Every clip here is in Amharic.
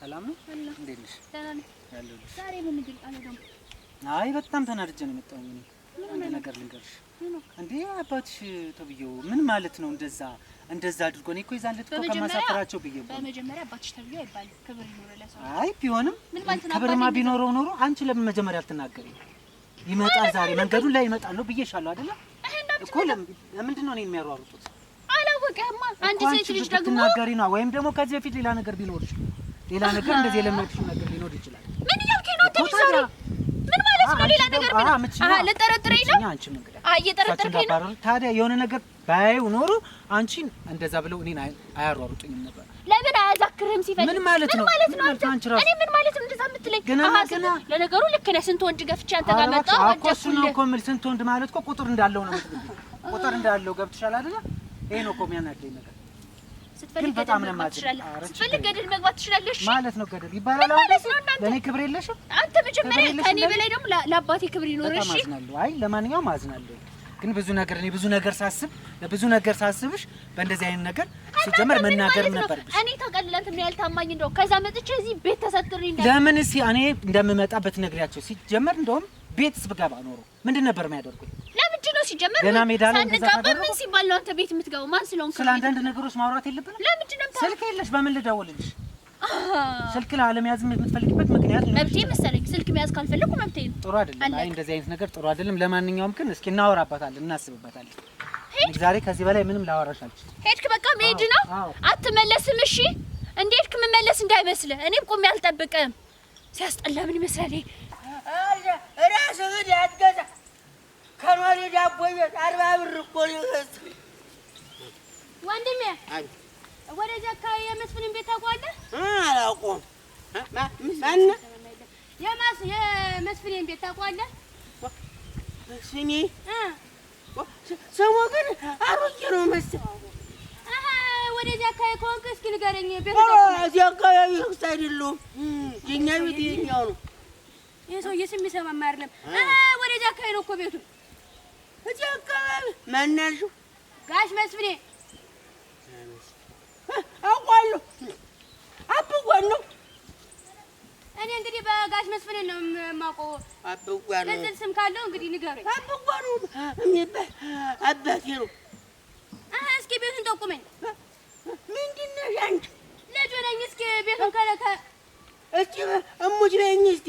ሰላም አይ በጣም ተናድጄ ነው የመጣሁኝ። አንድ ነገር ልንገርሽ። እንዴ አባትሽ ተብዬው ምን ማለት ነው? እንደዛ እንደዛ አድርጎ እኔ እኮ የዛን ዕለት እኮ ከማሳፈራቸው ብዬ በመጀመሪያ አባትሽ ተብዬው አይባልም። ክብር ይኖረው ለሰው። አይ ቢሆንም ክብርማ ቢኖረው ኖሮ አንቺ ለምን መጀመሪያ አልተናገሪም? ይመጣል ዛሬ መንገዱን ላይ ይመጣል ነው ብዬሻለሁ አይደለ እኮ። ለምንድን ነው እኔን የሚያሯሩጡት? አንድ ሴት ልጅ ደግሞ ትናገሪ ነው ወይም ደግሞ ከዚህ በፊት ሌላ ነገር ቢኖርሽ ሌላ ነገር እንደዚህ የለመድሽው ነገር ሊኖር ይችላል። ምን ነው? ምን ማለት ነው? ሌላ ነገር ልጠረጥረኝ ነው? እየጠረጠርከኝ ነው? ታዲያ የሆነ ነገር ኖሮ አንቺን እንደዛ ብለው እኔን ነበር። ለምን አያዛክርህም? ሲፈልግ ምን ማለት ነው? እኔ ምን ማለት ነው እንደዛ የምትለኝ? ለነገሩ ልክ ነህ። ስንት ወንድ ገፍቼ አንተ ጋር መጣሁ ነው እኮ የምልህ። ስንት ወንድ ማለት እኮ ቁጥር እንዳለው ነው። ቁጥር እንዳለው ገብቶሻል ይሄ ነው እኮ የሚያናደኝ ነገር። ስትፈልግ በጣም ነው ስትፈልግ ገደል መግባት ትችላለህ ማለት ነው። ገደል ይባላል። ለእኔ ክብር የለሽም አንተ። መጀመሪያ ከእኔ በላይ ደግሞ ለአባቴ ክብር ይኖረሽ። አዝናለሁ። አይ ለማንኛውም አዝናለሁ፣ ግን ብዙ ነገር እኔ ብዙ ነገር ሳስብ ብዙ ነገር ሳስብሽ በእንደዚህ አይነት ነገር ሲጀመር መናገር ነበር። እኔ ታቀልላንት ምን ያህል ታማኝ እንደው ከዛ መጥቼ እዚህ ቤት ተሰጥሪ እንደ ለምን እኔ እንደምመጣበት ነግሪያቸው። ሲጀመር እንደውም ቤትስ ብገባ ኖሮ ምንድን ነበር የሚያደርጉት? ግድ ነው ሲጀመር። ገና ሜዳ ላይ ሳንጋባ ምን ሲባል ነው አንተ ቤት የምትገባው? ማን ስለሆንክ? ስለ አንዳንድ ነገሮች ማውራት የለብንም። ለምንድን ነው ስልክ የለሽ? በምን ልደውልልሽ? ስልክ ለአለመያዝ የምትፈልግበት ምክንያት መብቴ መሰለኝ። ስልክ መያዝ ካልፈለኩ መብቴ ነው። ጥሩ አይደለም። አይ እንደዚህ አይነት ነገር ጥሩ አይደለም። ለማንኛውም ግን እስኪ እናወራባታለን፣ እናስብበታለን። ዛሬ ከዚህ በላይ ምንም ላወራሽ አልችልም። ሄድክ፣ በቃ መሄድ ነው። አትመለስም። እሺ እንዴት ከምመለስ እንዳይመስል እኔም ቆሜ አልጠብቅም። ሲያስጠላ ምን ይመስላል? ከኖሬ ዳቦ ቤት አርባ ብር እኮ ሊገዙ ወንድሜ፣ ወደዚያ አካባቢ የመስፍንን ቤት ታውቀዋለህ? አላውቀውም። ማነው የመስፍኔን ቤት ታውቀዋለህ? ስሜ ስሙ ግን አሮጌ ነው መሰለኝ። ወደዚያ አካባቢ ከሆንክ እስኪ ንገረኝ። ቤት አካባቢ ክስ አይደለሁም። የእኛ ቤት የእኛው ነው። ይህ ሰውዬ ስም ይሰማማ አይደለም። ወደዚያ አካባቢ ነው እኮ ቤቱ እዚህ አካባቢ ማነው ጋሽ መስፍኔ አውቀዋለሁ። አብጓን ነው። እኔ እንግዲህ በጋሽ መስፍኔ ነው የማውቀው። አብጓን ነው። ቅጽል ስም ካለው እንግዲህ ንገረኝ። አብጓን ነው የሚባል አባቴ ነው። እስኪ ቤቱን ጠቁመኝ። ምንድን ነሽ አንቺ? ልጅ ነኝ። እስኪ ቤቱን ከለከ እስኪ እሙች በይኝ እስኪ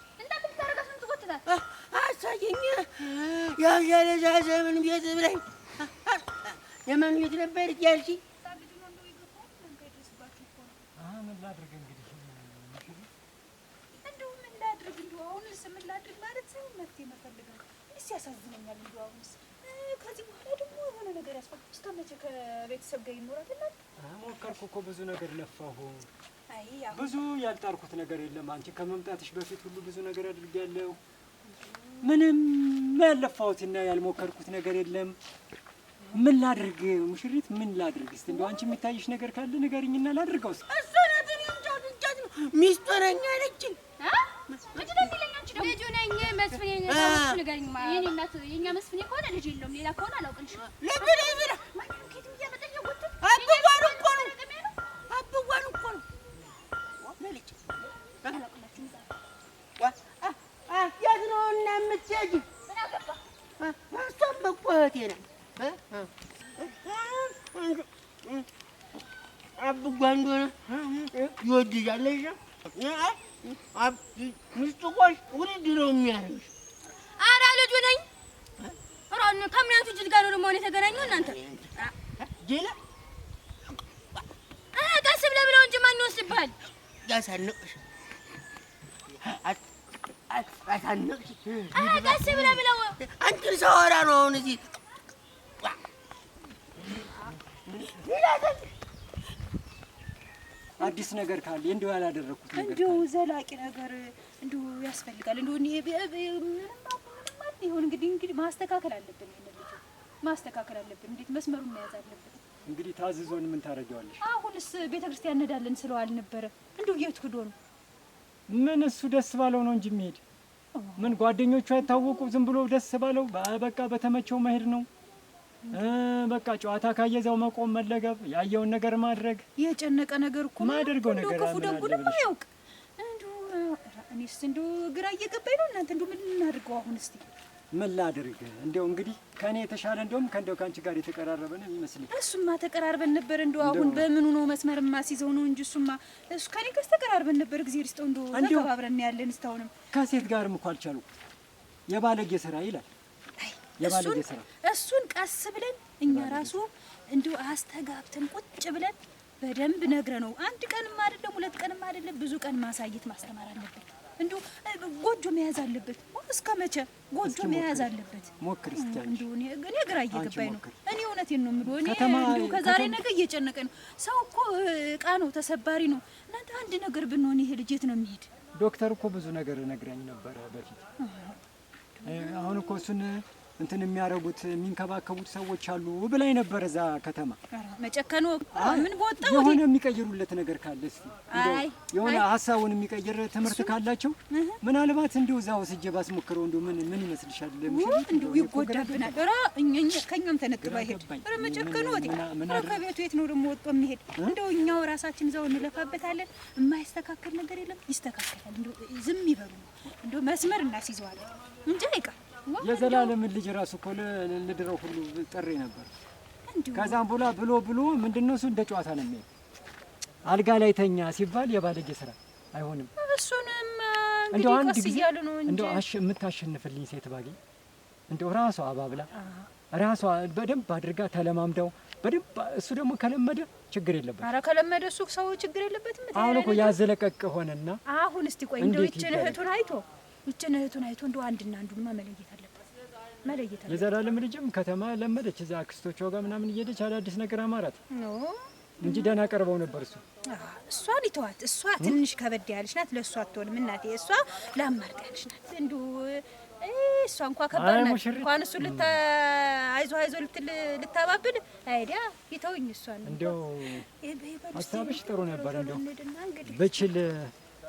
አሳየኝ። የምን ቤት ብለኝ የምን ቤት ነበር ያልሽኝ? ምን ላድርግ እንግዲህ እንደው ምን ላድርግ እንደው አሁንስ ምን ላድርግ ማለት መፍትሄ መፈልገው እስ ያሳዝነኛል። እንደው አሁንስ ከዚህ በኋላ ደግሞ የሆነ ነገር ያስፈልግ እስከ ከቤተሰብ ጋር ይኖራል? እናት ሞከርኩ እኮ ብዙ ነገር ለፋሁ። ብዙ ያልጣርኩት ነገር የለም። አንቺ ከመምጣትሽ በፊት ሁሉ ብዙ ነገር አድርጌያለሁ። ምንም ያለፋሁትና ያልሞከርኩት ነገር የለም። ምን ላድርግ ሙሽሪት፣ ምን ላድርግ? እስኪ እንደው አንቺ የሚታይሽ ነገር ካለ ንገሪኝና ላድርገው። እስኪ እሱ ነው ሚስጥረኛ ነች የእኛ መስፍኔ ከሆነ ልጅ የለውም ሌላ ከሆነ አላውቅልሽም። ሂጂ። እሷም እኮ እህቴ ናት። አብጓ እንደሆነ ይወድሻል። ሚስቱ እኮ ውድድ ነው የሚያደርግሽ። ኧረ ልጁ ነኝ ከምን ያንቱ ጅል ጋር ነው ደግሞ የተገናኘው? እናንተ ቀስ ብለህ ብለው እንጂ ማን ይወስድብሃል? ያሳንቅሻል ቀስ ብለህ ብለው አንቺን ሳወራ ነው። አሁን እዚህ አዲስ ነገር ካለ እንደው ያላደረኩት ነገር እንደው ዘላቂ ነገር እንደው ያስፈልጋል። እንደው ምንም ማለት ይሁን እንግዲህ እንግዲህ ማስተካከል አለብን፣ ማስተካከል አለብን። እንዴት መስመሩን መያዝ አለብን። እንግዲህ ታዝዞን ምን ታደርጊዋለሽ? አሁንስ ቤተ ክርስቲያን እንሄዳለን ስለዋል ነበረ። እንደው የት ሂዶ ነው ምን እሱ ደስ ባለው ነው እንጂ የሚሄድ ምን ጓደኞቹ አይታወቁ፣ ዝም ብሎ ደስ ባለው በቃ በተመቸው መሄድ ነው። በቃ ጨዋታ ካየዘው መቆም፣ መለገብ፣ ያየውን ነገር ማድረግ። የጨነቀ ነገር እኮ ማደርገው ነገር ክፉ ደጉንም አያውቅ። እንዲሁ እኔስ እንዲሁ ግራ እየገባኝ ነው። እናንተ እንዲሁ ምን እናድርገው አሁን እስቲ ምን ላድርግ? እንደው እንግዲህ ከእኔ የተሻለ እንደውም ከእንደው ከአንቺ ጋር የተቀራረበ ነው የሚመስለኝ። እሱማ ተቀራርበን ነበር። እንደው አሁን በምኑ ነው መስመር ሲይዘው ነው እንጂ እሱማ እሱ ከእኔ ጋር ተቀራርበን ነበር። ጊዜ ርስጠው እንደው ተከባብረን ያለን እስታሁንም ከሴት ጋርም እኮ አልቻሉ። የባለጌ ስራ ይላል የባለጌ ስራ። እሱን ቀስ ብለን እኛ ራሱ እንደው አስተጋብተን ቁጭ ብለን በደንብ ነግረ ነው አንድ ቀንም አይደለም ሁለት ቀንም አይደለም ብዙ ቀን ማሳየት ማስተማር አለብን። እንዲሁ ጎጆ መያዝ አለበት። እስከ መቼ ጎጆ መያዝ አለበት? ሞክሪ እስኪ እኔ ግራ እየገባኝ ነው። እኔ እውነቴን ነው የምልህ። እኔ እንዲሁ ከዛሬ ነገ እየጨነቀኝ ነው። ሰው እኮ እቃ ነው፣ ተሰባሪ ነው። እናንተ አንድ ነገር ብንሆን ይሄ ልጅ የት ነው የሚሄድ? ዶክተር እኮ ብዙ ነገር ነግረኝ ነበረ በፊት። አሁን እኮ እሱን እንትን የሚያደርጉት የሚንከባከቡት ሰዎች አሉ ብላኝ ነበር። እዛ ከተማ መጨከኑ ምን በወጣው የሆነ የሚቀይሩለት ነገር ካለ እስቲ የሆነ ሀሳቡን የሚቀይር ትምህርት ካላቸው ምናልባት እንዲሁ እዛ ወስጄ ባስሞክረው እንዲሁ ምን ምን ይመስልሻል? እንዲሁ ይጎዳብናል። እኛ ከእኛም ተነጥሎ አይሄድ። ኧረ መጨከኑ ከቤቱ የት ነው ደግሞ ወጦ የሚሄድ? እንደው እኛው ራሳችን እዛው እንለፋበታለን። የማይስተካከል ነገር የለም። ይስተካከላል። ዝም ይበሉ። እንዲሁ መስመር እናስይዘዋለን እንጂ አይቀር የዘላለምን ልጅ ራሱ እኮ ልድረው ሁሉ ጥሬ ነበር። ከዛም ቡላ ብሎ ብሎ ምንድነው እሱ እንደ ጨዋታ ነው የሚሄድ። አልጋ ላይ ተኛ ሲባል የባለጌ ስራ አይሆንም። እሱንም እንግዲህ ጊዜ ያሉ ነው እንጂ አሽ የምታሸንፍልኝ ሴት ባገኝ እንደው ራሷ አባብላ ራሷ በደንብ አድርጋ ተለማምደው በደንብ እሱ ደግሞ ከለመደ ችግር የለበት። ኧረ ከለመደ እሱ ሰው ችግር የለበትም። አሁን እኮ ያዘለቀቅ ሆነና አሁን እስቲ ቆይ እንደው ይችን እህቱን አይቶ ይችን እህቱን አይቶ እንደው አንድና አንዱንማ መለየት አለበት መለየት አለበት። የዘላለም ልጅም ከተማ ለመደች። እዛ አክስቶቿ ጋር ምናምን እየሄደች አዳዲስ ነገር አማራት እንጂ ደህና ቀርበው ነበር። እሱ እሷ ሊተዋት እሷ ትንሽ ከበድ ያለች ናት። ለእሷ አትሆንም እናቴ። እሷ ላማርጥ ያለች ናት። እንዱ እሷ እንኳ ከባድ ናት። እንኳን እሱ አይዞ አይዞ ልትል ልታባብል አይዲያ ይተውኝ። እሷ ነው እንደው ሀሳብሽ ጥሩ ነበር። እንደው ብችል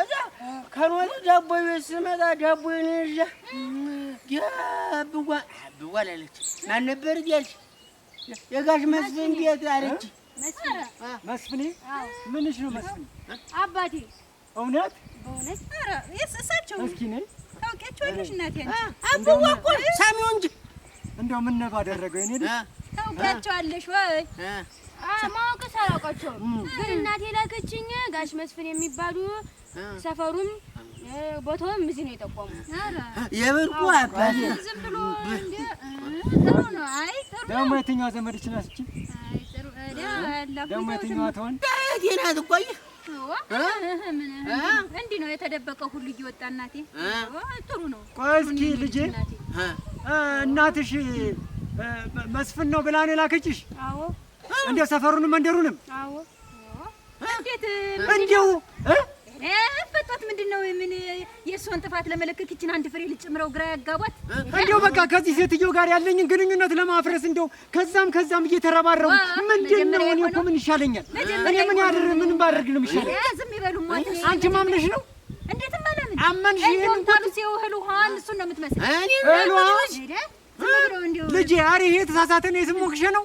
እዛ ከኖል ዳቦ ቤት ስመጣ ዳቦ ይነዣ ገብዋ አብዋ አላለች። ማን ነበር እያልሽ የጋሽ መስፍን ቤት አለች። መስፍኔ ምንሽ ነው መስፍኔ? አባቴ እውነት በእውነት ኧረ እሳቸው እስኪ ነይ ታውቂያቸዋለሽ? እናቴ አብዋ እኮ ሳሚው እንጂ እንደው ምን ነው ባደረገው እኔ ታውቂያቸዋለሽ ወይ? ማወቅ ሳላውቃቸው ግን እናቴ ላከችኝ ጋሽ መስፍን የሚባሉ ሰፈሩም ቦታውም እዚህ ነው የጠቆሙ። የብርቁ አባቴ ደግሞ የትኛዋ ዘመድ ይችላል? ደግሞ የትኛዋ ትሆን? ናት እኮ እንዲህ ነው የተደበቀ ሁሉ እየወጣ እናቴ ጥሩ ነው። ቆይ እስኪ ልጄ እናትሽ መስፍን ነው ብላ ነው የላከችሽ? እንዲያው ሰፈሩንም መንደሩንም እንዴት እንዲያው ፈቷት ምንድን ነው ምን የእሷን ጥፋት ለመለከት ይችን አንድ ፍሬ ልጨምረው ግራ ያጋቧት። እንደው በቃ ከዚህ ሴትዮ ጋር ያለኝን ግንኙነት ለማፍረስ እንደው ከዛም ከዛም እየተረባረቡ ምንድን ነው እኔ እኮ ምን ይሻለኛል? እኔ ምን ያድር ምን ባደርግ ነው የሚሻለኝ? ዝም ይበሉ። አንቺ ማምነሽ ነው እንዴት ማለት አመንሽ? ይሄን ሲው ሲወህሉ ሆን እሱን ነው የምትመስል እኔ ልጄ። ኧረ ይሄ የተሳሳተ ነው የስሞክሽ ነው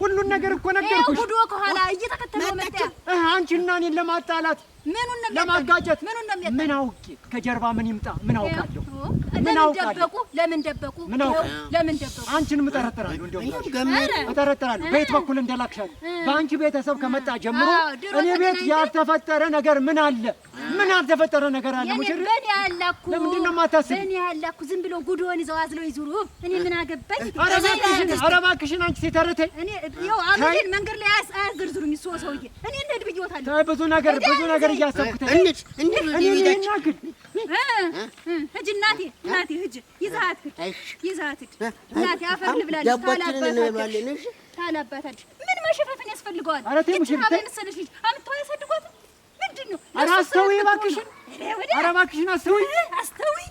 ሁሉን ነገር እኮ ነገርኩሽ። አንቺና እኔን ለማጣላት ለማጋጨት ምን አውቄ ከጀርባ ምን ይምጣ? ምን አውቃለሁ? ደበቁ? ለምን ደበቁ? ለምን ደበቁ? አንቺንም እጠረጥራለሁ፣ እንደውም እጠረጥራለሁ። በኩል እንደላክሻለሁ። በአንቺ ቤተሰብ ከመጣ ጀምሮ እኔ ቤት ያልተፈጠረ ነገር ምን አለ? ምን ያልተፈጠረ ነገር አለ? ሙሽሪ ለምንድን ነው ያላኩ ዝም ብሎ ጉድሆን ይዘው አዝለው ይዙሩ። እኔ ምን አገባኝ? ኧረ እባክሽን አንቺ እኔ መንገድ ላይ እሱ ሰውዬ እኔ ብዬሽ ብዙ ነገር ብዙ ነገር ነገር እያሰብኩት ህጅ እናቴ እናቴ ህጅ ይዘሀት ይዘሀት እናቴ አፈር ልብላለች ታላባታለች ምን መሸፋፈን ያስፈልገዋል? የመሰለች ልጅ አምጥተው አያሳድጓትም። ምንድን ነው አስተውይ፣ እባክሽን፣ ኧረ እባክሽን አስተውይ፣ አስተውይ።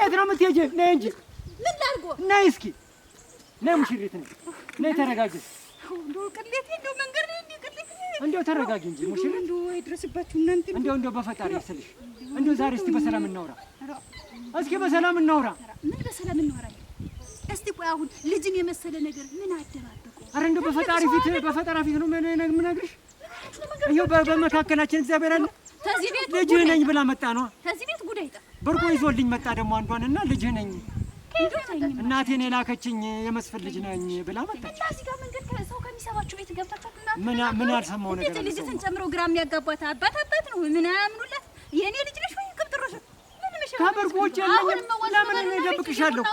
የት ነው የምትሄጂው? ነይ እንጂ ምን ላድርጎ? ነይ እስኪ ነይ፣ ሙሽሪት ነይ፣ ነይ፣ ተረጋጊ። እንደው ቅሌቴ እንደው መንገድ እንደው ተረጋጊ እንጂ ሙሽሪ እንደው አይድረስባችሁ እናንተ። እንደው እንደው በፈጣሪ ይስልሽ። እንደው ዛሬ እስቲ በሰላም እናውራ። እስኪ በሰላም እናውራ። ምን በሰላም እናውራ? እስቲ ቆይ አሁን ልጅን የመሰለ ነገር ምን አደባበቁ? አረ እንደው በፈጣሪ ፊት በፈጣሪ ፊት ነው ምን ነገር የምነግርሽ። ይኸው በመካከላችን እግዚአብሔር አለ። ቤት ልጅህ ነኝ ብላ መጣ ነው ከዚህ ቤት ጉዳይ ጠፋ። ብርቆ ይዞልኝ መጣ ደግሞ አንዷን እና ልጅህ ነኝ እናቴን የላከችኝ የመስፍን ልጅ ነኝ ብላ መጣች። አባችሁ ቤት ገብታችሁ ምን ምን ያልሰማው ነገር ነው? ልጅትን ጨምሮ ግራ የሚያጋባት አባት አባት ነው ምናምኑላት። የእኔ ልጅ ነሽ ወይ ቅብጥሮሽ? ከመርቆች ያለሁን ለምን እኔ እደብቅሻለሁ?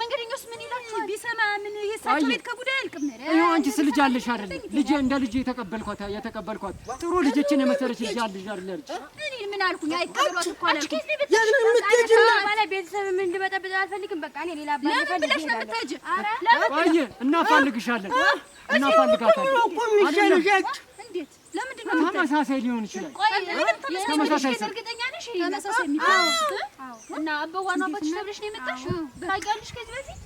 መንገደኛውስ ምን ይላችሁ ቢሰማ ምን የእሳቸው ቤት ከጉዳይ አልቅም። ይኸው አንቺስ ልጅ አለሽ አይደለ? ልጄ እንደ ልጄ የተቀበልኳት የተቀበልኳት ጥሩ ልጅችን የመሰለች ልጅ አለሽ አይደለ? ምን አልኩኝ? አይከብሮት እኮ አልኩኝ። ቤተሰብ ምን እንድበጠብጥ አልፈልግም። በቃ እኔ ሌላ አባት ብለሽ ነው የምትሄጂ? ቆይ እናፋልግሻለን፣ እናፋልጋታለን። ተመሳሳይ ሊሆን ይችላል? ተመሳሳይ እርግጠኛ ነሽ? ተመሳሳይ እና አበዋ አባትሽ ተብለሽ ነው የመጣሽ ታውቂያለሽ ከዚህ በፊት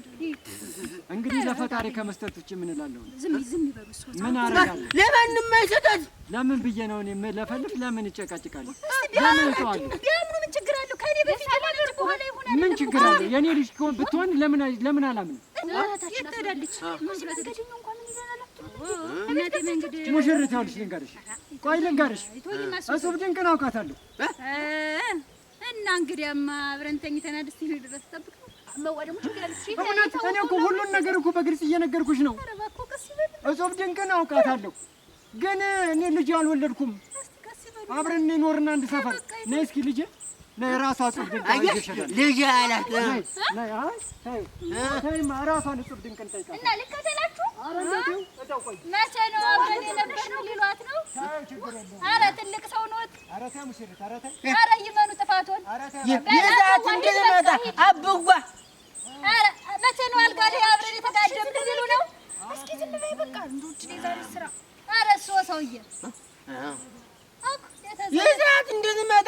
እንግዲህ ለፈጣሪ ከመስጠት ውጭ ምን እላለሁ? ምን አደርጋለሁ? ለማንም አይሰጣት። ለምን ብዬ ነው እኔ ለፈልፍ? ለምን ይጨቃጭቃል? ለምን እተዋለሁ? ምን ችግር አለ? ከእኔ በፊት ምን የእኔ ልጅ ብትሆን ለምን ለምን አላምንም? ሙሽሪት ይኸውልሽ፣ ልንገርሽ፣ ቆይ ልንገርሽ፣ እሱብ ድንቅ ነው አውቃታለሁ። እና እንግዲያማ አብረን ተኝተናል። እስኪ ድረስ ጠብቅ በእውነት እኔ እኮ ሁሉን ነገር እኮ በግልጽ እየነገርኩሽ ነው። እጾም ድንቅን አውቃታለሁ፣ ግን እኔ ልጅ አልወለድኩም። አብረን እንኖርና አንድ ሰፈር ነይ እስኪ ልጅ አላት ራሷን ድንቅን ጠይቃለሁ መቼ ነው አብረን የነበርነው ሊሏት ነው። ኧረ ትልቅ ሰው ኖት። ኧረ ይመኑ ጥፋቶን ይዛት እንድትመጣ አብዋ ኧረ መቼ ነው አልጋ ላይ አብረን የተጋደምን ቢሉ ነው። እስኪ ዝም በይ በቃ ስራ ኧረ እሱ ሰውዬ ይዛት እንድትመጣ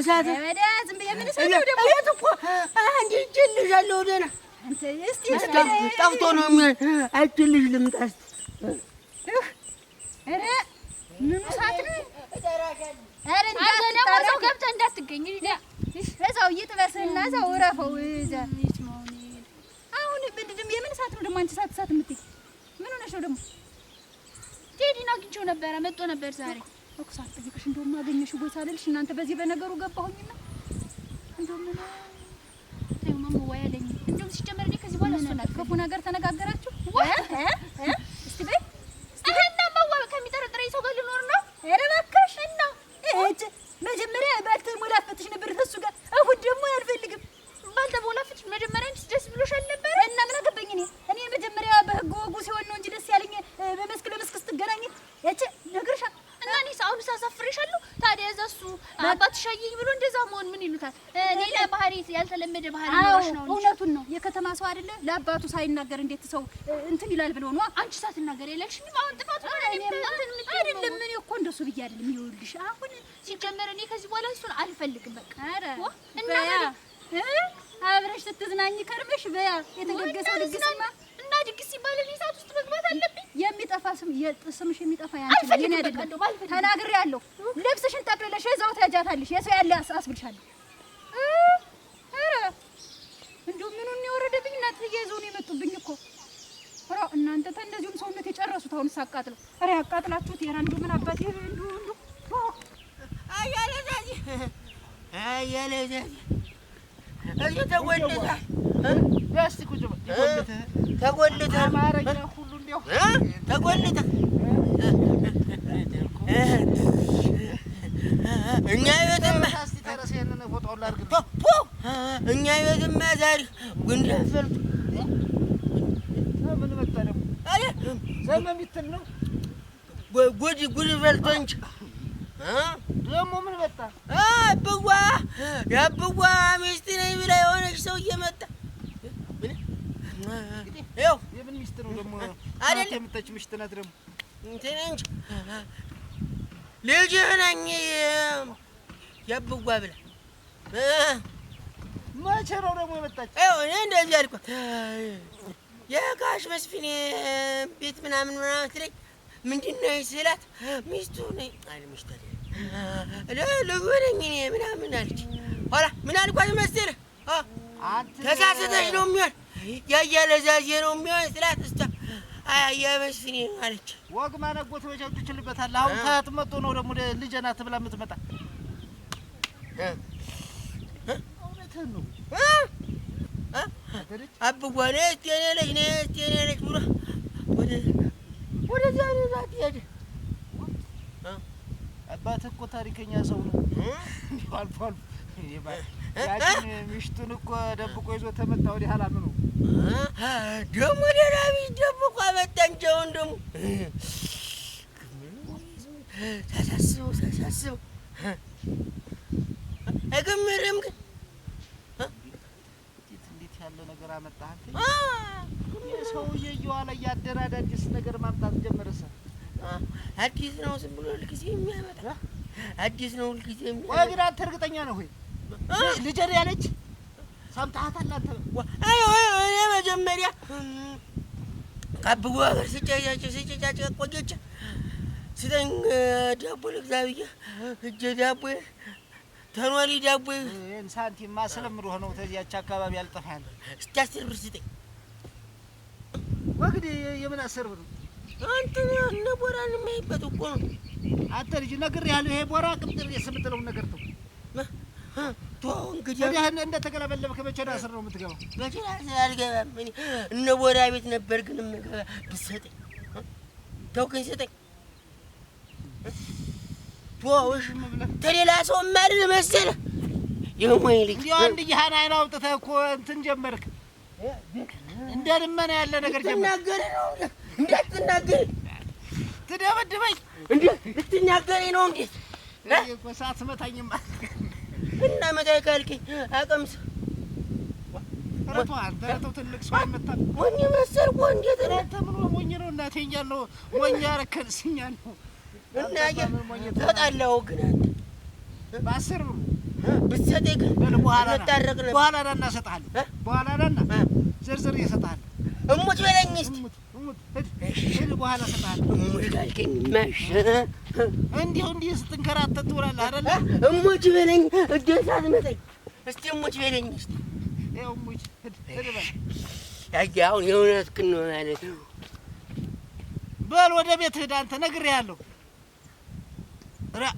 እሳት ነው ደግሞ የት እኮ አንድ እጅ ጠፍቶ ነው አንቺ ልጅ ልምጣ እስኪ ምን ሆነሽ ነው ደግሞ ቴዲን አግኝቼው ነበረ መጥቶ ነበር ዛሬ እኮ ሳልጠይቅሽ እንደውም አገኘሽው ቦታ አለልሽ። እናንተ በዚህ በነገሩ ገባሁኝና እንደውም ምን ታዩ ማማ ወይ እንደውም ሲጀመር ከዚህ በኋላ እሱን ክፉ ነገር ተነጋገራችሁ ወይ እንትን ይላል ብለው ነው። አንቺ ሳትናገር የለሽ ምን አሁን ጥፋቱ ነው አይደለም። እኔ እኮ እንደሱ ብዬ አይደለም። ይኸውልሽ አሁን ሲጀመር እኔ ከዚህ በኋላ እሱን አልፈልግም። በቃ ኧረ እና አብረሽ ስትዝናኝ ከርመሽ በያ የተገገሰ ልግስማ እና ድግስ ሲባል እኔ ሰዓት ውስጥ መግባት አለብኝ። የሚጠፋ ስም ስምሽ የሚጠፋ ያንቺ ነው የኔ ተናግሬ ተናግሬያለሁ። ልብስሽን ጠቅልለሽ እዛው ታጃታለሽ። የሰው ያለ አስብልሻለሁ። እንደው ምኑን የወረደብኝ እናትዬ ይዘው ነው የመጡብኝ እኮ እናንተ እንደዚሁም ሰውነት የጨረሱት አሁን ሳቃጥለው ኧረ ያቃጥላችሁት የራንዱ ምን አባት ይሄንዱ እንዱ አያለዛዚ አያለዛዚ እዚህ ተጎልተህ ተጎልተህ አማርኛ ሁሉ እንደው ተጎልተህ እኛ ቤትማ እኛ ቤትማ ዛሬ ጉንዳን ፈልቶ ምን መጣ ደግሞ? አይ ዘመም ነው ጉድ ጉድ በልቶ ደግሞ ምን መጣ? አብዋ ያብዋ ሚስት ነኝ ብላ የሆነች ሰው መጣ። ይኸው የምን ሚስት ነው ደግሞ? አይደል የምታች ሚስት ናት ደግሞ እንትን እንጂ ልጅህ ነኝ ያብዋ ብላ መቼ ነው ደግሞ የመጣች? እኔ እንደዚህ አልኳት የጋሽ መስፍኔ ቤት ምናምን ምናምን ትለኝ ምንድን ነው ስላት ሚስቱ ነኝ አለ ሚስቱ ልዩ ነኝ እኔ ምናምን አለች። ኋላ ምን አልኳት መሰለህ ተሳስተሽ ነው የሚሆን ያያ ለዛዜ ነው የሚሆን ስላት እስቷ አያ አለች። ወግ ማነጎት በጃ ትችልበታለህ። አሁን ታያት መጦ ነው ደግሞ ልጄ ናት ብላ የምትመጣ እውነትህን ነው አብጓ ነይ እስቴ ነች ነይ እስቴ ነች ብሎ ወደዚያ ይዟት ሄደ። አባትህ እኮ ታሪከኛ ሰው ነው። አልፎ አልፎ ሚሽቱን እኮ ደብቆ ይዞ ተመጣ። ወዲህ አላም ነው ደግሞ ደህና ሚስት ደብቆ አመጣ። እንጀውን ደግሞ ሳሳስበው ሳሳስበው አይገምርም ግን ያለ ነገር አመጣህ። ሰውዬ እየዋለ እያደረ አዳዲስ ነገር ማምጣት ጀመረ። አዲስ ነው ዝም ብሎ ሁልጊዜ የሚያመጣ አዲስ ነው ሁልጊዜ የሚያመጣ። ወይ ግን አንተ እርግጠኛ ነህ ወይ? ልጀር ያለች ሰምተሃታል አንተ? እኔ መጀመሪያ ስጨጫጭ ስጨጫጭ ዳቦ እጄ ዳቦ ተኗሊ ዳቦ ይህን ሳንቲማ ስለምሮህ ነው። ተዚያች አካባቢ ያልጠፋል። እስኪ አስር ብር ስጠኝ። ወግዲህ የምን አስር ብር አንተ እነ ቦራን የማይበት እኮ ነው። አንተ ልጅ ነግሬሃለሁ። ይሄ ቦራ ቅምጥር የምትለውን ነገር ተው። እንግዲህ እንደ ተገለበለብክ መቼ ነው አስር ነው የምትገባው? መቼ አልገባም። እነ ቦራ ቤት ነበር ግን የምገባ። ብትሰጠኝ ተው፣ ስጠኝ ተሌላ ሰው ማድል መሰል የሞኝ ልጅ እንዲያው አንድ ይህን አይን አውጥተህ እኮ እንትን ጀመርክ። እንደ ልመና ያለ ነገር ጀመርክ። እንዳትናገሪ ትደበድበኝ እንዴ! ልትናገሪ ነው እንዴ? ሰዓት ስመታኝማ እና መታይ ካልከኝ አቀምስ ሰው አይመታም። ሞኝ መሰል እኮ እንዴት ነው? ሞኝ ነው እናቴ እኛን ሞኝ ያረከን ነው እና ተጣላሁ ግን በአስር ብሩ ብትሰጠኝ እንታረቅ ነበር። በኋላ ና እና በኋላ ና ዝርዝር እሰጥሀለሁ። እሙት በለኝ እስኪ በኋላ እሰጥሀለሁ። እሙት አልከኝ መሸ እንዲሁ እንዲህ ስትንከራተት ትውላለህ አይደለ? እሙት በለኝ እደት አትመጣኝ። እስኪ እሙት በለኝ እስኪ አሁን የእውነት ክንሆናለን። በል ወደ ቤት ሂድ አንተ ነግሬሀለሁ። Tara!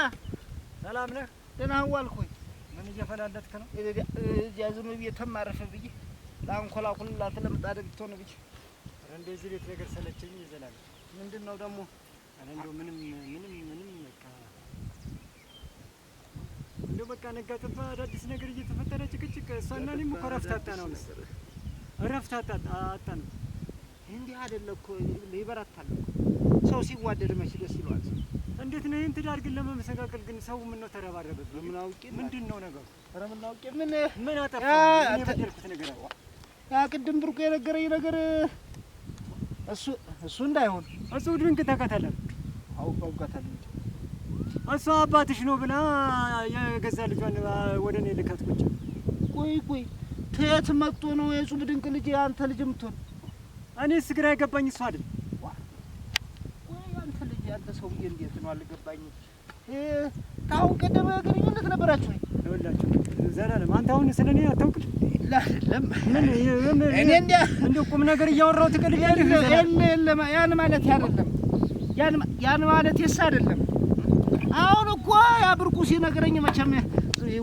አያ ሰላም ነህ? ደህና ዋልኩኝ። ምን እየፈላለትክ ነው? እዚያ ዝም ብዬ ተማረፈ ብዬ ለአንኮላኩልላት ለምጣደግ ትሆን ብዬ እንደዚህ ቤት ነገር ሰለቸኝ። ይዘላል ምንድን ነው ደግሞ? ኧረ እንደው ምንም ምንም ምንም በቃ እንደው በቃ ነጋ አዳዲስ ነገር እየተፈጠረ ጭቅጭቅ። እሷና እኔም እኮ እረፍት አጣ ነው እረፍት አጣ አጣ ነው። እንዲህ አይደለ እኮ ይበረታል። ሰው ሲዋደድ መች ደስ ይለዋል። እንዴት ነው ይህን ትዳር ግን ለመመሰቃቀል ግን ሰው ምን ነው ተረባረበበት? ምን አውቄ ምንድን ነው ነገሩ? ኧረ ምን አውቄ ምን ምን አጠፋ? የበደልኩት ነገር አለ? ያ ቅድም ብሩክ የነገረኝ ነገር እሱ እሱ እንዳይሆን እሱ ድንቅ ተከተለን አውቀውቀተለን እሷ አባትሽ ነው ብላ የገዛ ልጇን ወደ እኔ ልከት ቁጭ ቆይ ቆይ ተየት መጥቶ ነው የጹብ ድንቅ ልጅ አንተ ልጅ የምትሆን እኔ ስግራ የገባኝ እሷ አይደል ያንተ ሰውዬ እንዴት ነው አልገባኝም። ከአሁን ቀደም ግንኙነት ነበራችሁ? ይኸውላችሁ ዘላለም አንተ አሁን ስለ እኔ አታውቅም። እንደ ቁም ነገር እያወራሁ ያን ማለት አይደለም፣ ያን ማለት የስ አይደለም። አሁን እኮ ያ ብርቁ ሲነግረኝ መቼም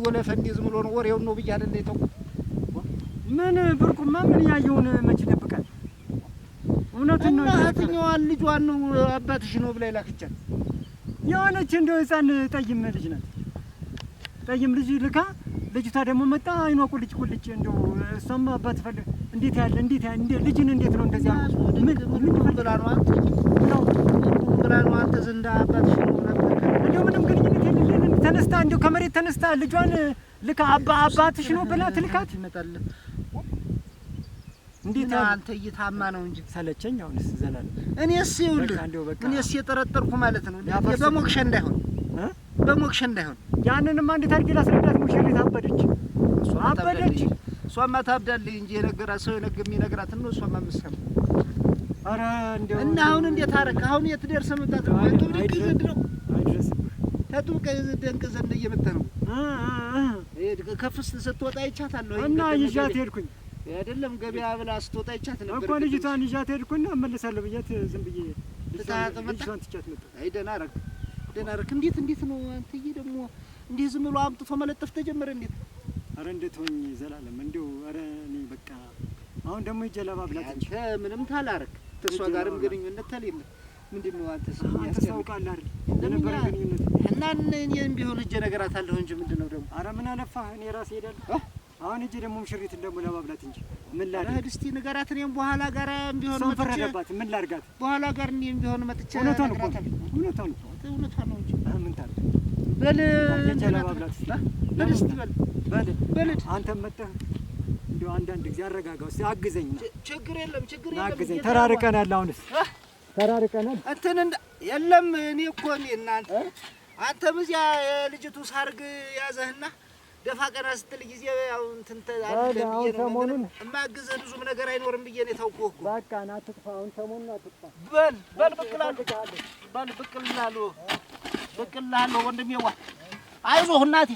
ወለፈ ዝም ብሎ ነው ወሬውን ነው ብዬ አይደለ ምን ብርቁማ ምን ያየውን መች እውነቱን ነው። እናትኛዋን ልጇን ነው አባትሽ ነው ብላ ይላክቻል። የሆነች እንደው ህፃን ጠይም ልጅ ናት። ጠይም ልጅ ልካ ልጅቷ ደግሞ መጣ አይኗ ቁልጭ ቁልጭ። እንደው እሷማ አባት ፈልግ እንዴት ያለ እንዴት ያ ልጅን እንዴት ነው እንደዚያ ምን ብላ ነው ብላ ነው አንተ ዘንዳ አባትሽ ነው ነበር እንደው ምንም ግንኙነት የለንም። ተነስታ እንደው ከመሬት ተነስታ ልጇን ልካ አባ አባትሽ ነው ብላ ትልካት ይመጣል እንዴት አንተ እይታማ ነው እንጂ ሰለቸኝ። አሁንስ ዘላለም እኔስ ይኸውልህ እኔስ የጠረጠርኩ ማለት ነው በሞክሼ እንዳይሆን በሞክሼ እንዳይሆን ያንንማ እንዴት አድርጌ ላስረዳት? ሙሽሪት አበደች አበደች። እሷማ ታብዳለች እንጂ የነገራት ሰው የነገ የሚነግራት ነው። እሷማ እና አሁን እንዴት አሁን የት ደርሰህ ድንቅ ዘንድ ነው ተጡቀ ደንቅ ዘንድ እየመጣ ነው። ስትወጣ ይቻታለሁ እና ይዣት ሄድኩኝ አይደለም ገበያ ብላ ስትወጣ ይቻት ነበር እኮ ልጅቷን ይዣት ሄድኩና እመለሳለሁ ብያት ዝም ብዬ ልጅቷን ትቻት መጣ። አይ ደህና አደረክ፣ ደህና አደረክ። እንዴት እንዴት ነው አንተዬ? ደግሞ እንዴ ዝም ብሎ አምጥቶ መለጠፍ ተጀመረ። እንዴት አረ እንዴት ሆኝ ዘላለም እንዴው አረ እኔ በቃ አሁን ደግሞ ሂጅ ለባ ብላት እንጂ ምንም ታላረክ ተሷ ጋርም ግንኙነት ተሌለ ምንድን ነው አንተ ሰው ታውቃለህ አይደል? ለነበረ ግንኙነት እና እኔም ቢሆን ሂጅ እነግራታለሁ እንጂ ምንድን ነው ደግሞ አረ ምን አለፋህ እኔ ራሴ ሄዳለሁ አሁን እጄ ደግሞ ሙሽሪትን ደግሞ ለማብላት እንጂ ምን ላድርግ? እስቲ ንገራት። እኔም በኋላ ጋር ቢሆን መጥቼ ፈረደባት። ምን ላድርጋት? በኋላ ጋር እኔም ቢሆን መጥቼ እውነቷን እኮ እውነቷን እኮ እውነቷን ነው እንጂ ምን ታድርግ? በል ለማብላት በል እስቲ በል በል በል አንተ መጥተህ እንደው አንዳንድ ጊዜ አረጋጋው እስቲ አግዘኝ ነው። ችግር የለም ችግር የለም አግዘኝ። ተራርቀናል። አሁንስ ተራርቀናል። እንትን እንደ የለም እኔ እኮ እኔ እናንተ አንተም እዚያ የልጅቱ ሳርግ ያዘህና ገፋ ቀና ስትል ጊዜ ያው እንትን አሁን ሰሞኑን እማግዝህ ብዙም ነገር አይኖርም ብዬ ነው የታውኩህ እኮ። በቃ ና አትጥፋ፣ አሁን ሰሞኑን አትጥፋ። በል በል ብቅ በል ብቅ እልሃለሁ ወንድሜዋ፣ አይዞህ እናቴ